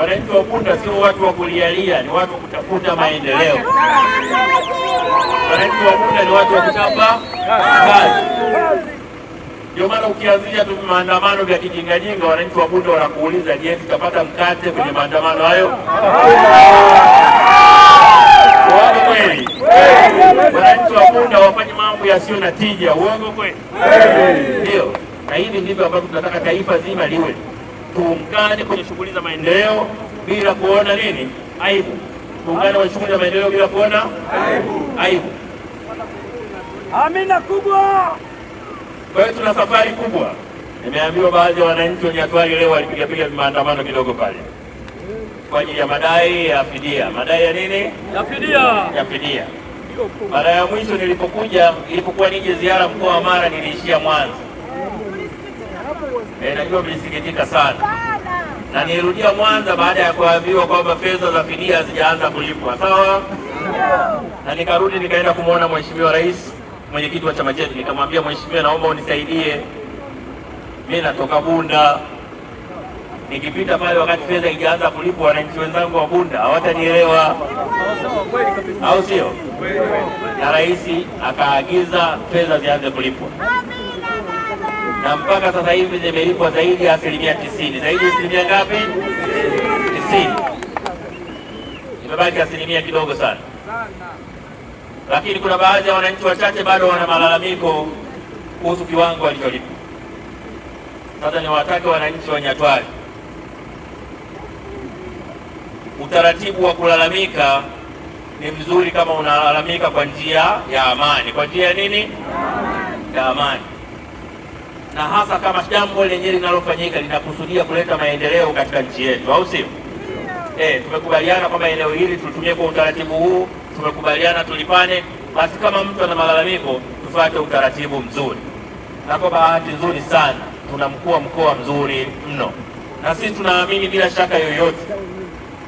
Wananchi wa Bunda sio watu wa kulialia, ni watu wa kutafuta maendeleo. Wananchi wa Bunda ni watu wa kuchapa kazi. Ndio maana ukianzia tu maandamano vya kijingajinga, wananchi wa Bunda wanakuuliza, je, tutapata mkate kwenye maandamano hayo? Uongo kweli? Wananchi wa Bunda wafanye mambo yasiyo na tija. Uongo kweli? Ndio, na hivi ndivyo ambavyo tunataka taifa zima liwe tuungane kwenye shughuli za maendeleo bila kuona nini aibu, tuungane kwenye shughuli za maendeleo bila kuona aibu, aibu. Amina kubwa. Kwa hiyo tuna safari kubwa. Nimeambiwa baadhi ya wananchi wenye hatwali leo walipigapiga maandamano kidogo pale kwa ajili ya madai ya fidia. Madai ya nini? Ya fidia, ya fidia. Mara ya mwisho nilipokuja, ilipokuwa nije ziara mkoa wa Mara, niliishia Mwanza. E, najua mlisikitika sana na nirudia Mwanza baada ya kuambiwa kwamba fedha za fidia hazijaanza kulipwa sawa, na nikarudi nikaenda kumwona Mheshimiwa Rais, mwenyekiti wa chama chetu, nikamwambia mheshimiwa, naomba unisaidie, mi natoka Bunda nikipita pale wakati fedha haijaanza kulipwa, wananchi wenzangu wa Bunda hawatanielewa, au sio? Na rais akaagiza fedha zianze kulipwa na mpaka sasa hivi zimelipwa zaidi ya asilimia tisini. Zaidi ya asilimia ngapi? Tisini. Imebaki asilimia kidogo sana, lakini kuna baadhi ya wananchi wachache bado wana malalamiko kuhusu kiwango walicholipwa. Sasa niwatake wananchi wa Nyatwali, utaratibu wa kulalamika ni mzuri kama unalalamika kwa njia ya amani. Kwa njia ya nini? Ya amani na hasa kama jambo lenyewe linalofanyika linakusudia kuleta maendeleo katika nchi yetu, au sio? Eh, tumekubaliana kwamba eneo hili tulitumie kwa utaratibu huu, tumekubaliana tulipane. Basi kama mtu ana malalamiko, tufuate utaratibu mzuri, na kwa bahati nzuri sana tuna mkuu wa mkoa mzuri mno, na sisi tunaamini bila shaka yoyote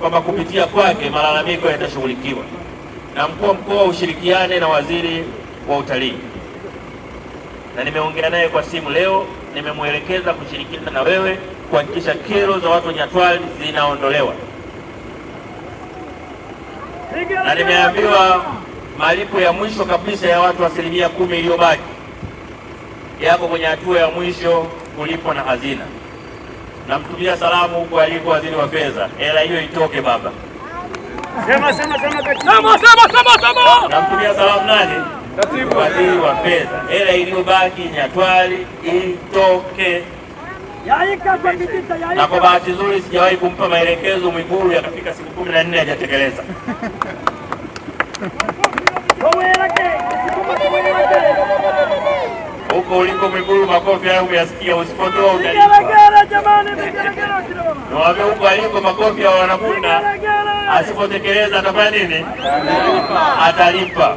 kwamba kupitia kwake malalamiko yatashughulikiwa, na mkuu wa mkoa ushirikiane na waziri wa utalii na nimeongea naye kwa simu leo, nimemwelekeza kushirikiana na wewe kuhakikisha kero za watu Nyatwali zinaondolewa, na nimeambiwa malipo ya mwisho kabisa ya watu asilimia kumi iliyobaki yako kwenye hatua ya mwisho kulipwa na hazina. Namtumia salamu huko aliko waziri wa fedha, hela hiyo itoke baba. Namtumia salamu nani? waziri wa fedha, hela iliyobaki Nyatwali itoke. Na kwa bahati nzuri sijawahi kumpa maelekezo Mwigulu, yakafika siku kumi na nne hajatekeleza. Huko uliko Mwigulu, makofi hayo umeyasikia, usipotoa utalipwa. Niwaambie huko aliko makofi ya Wanakunda, asipotekeleza atafanya nini? Atalipa.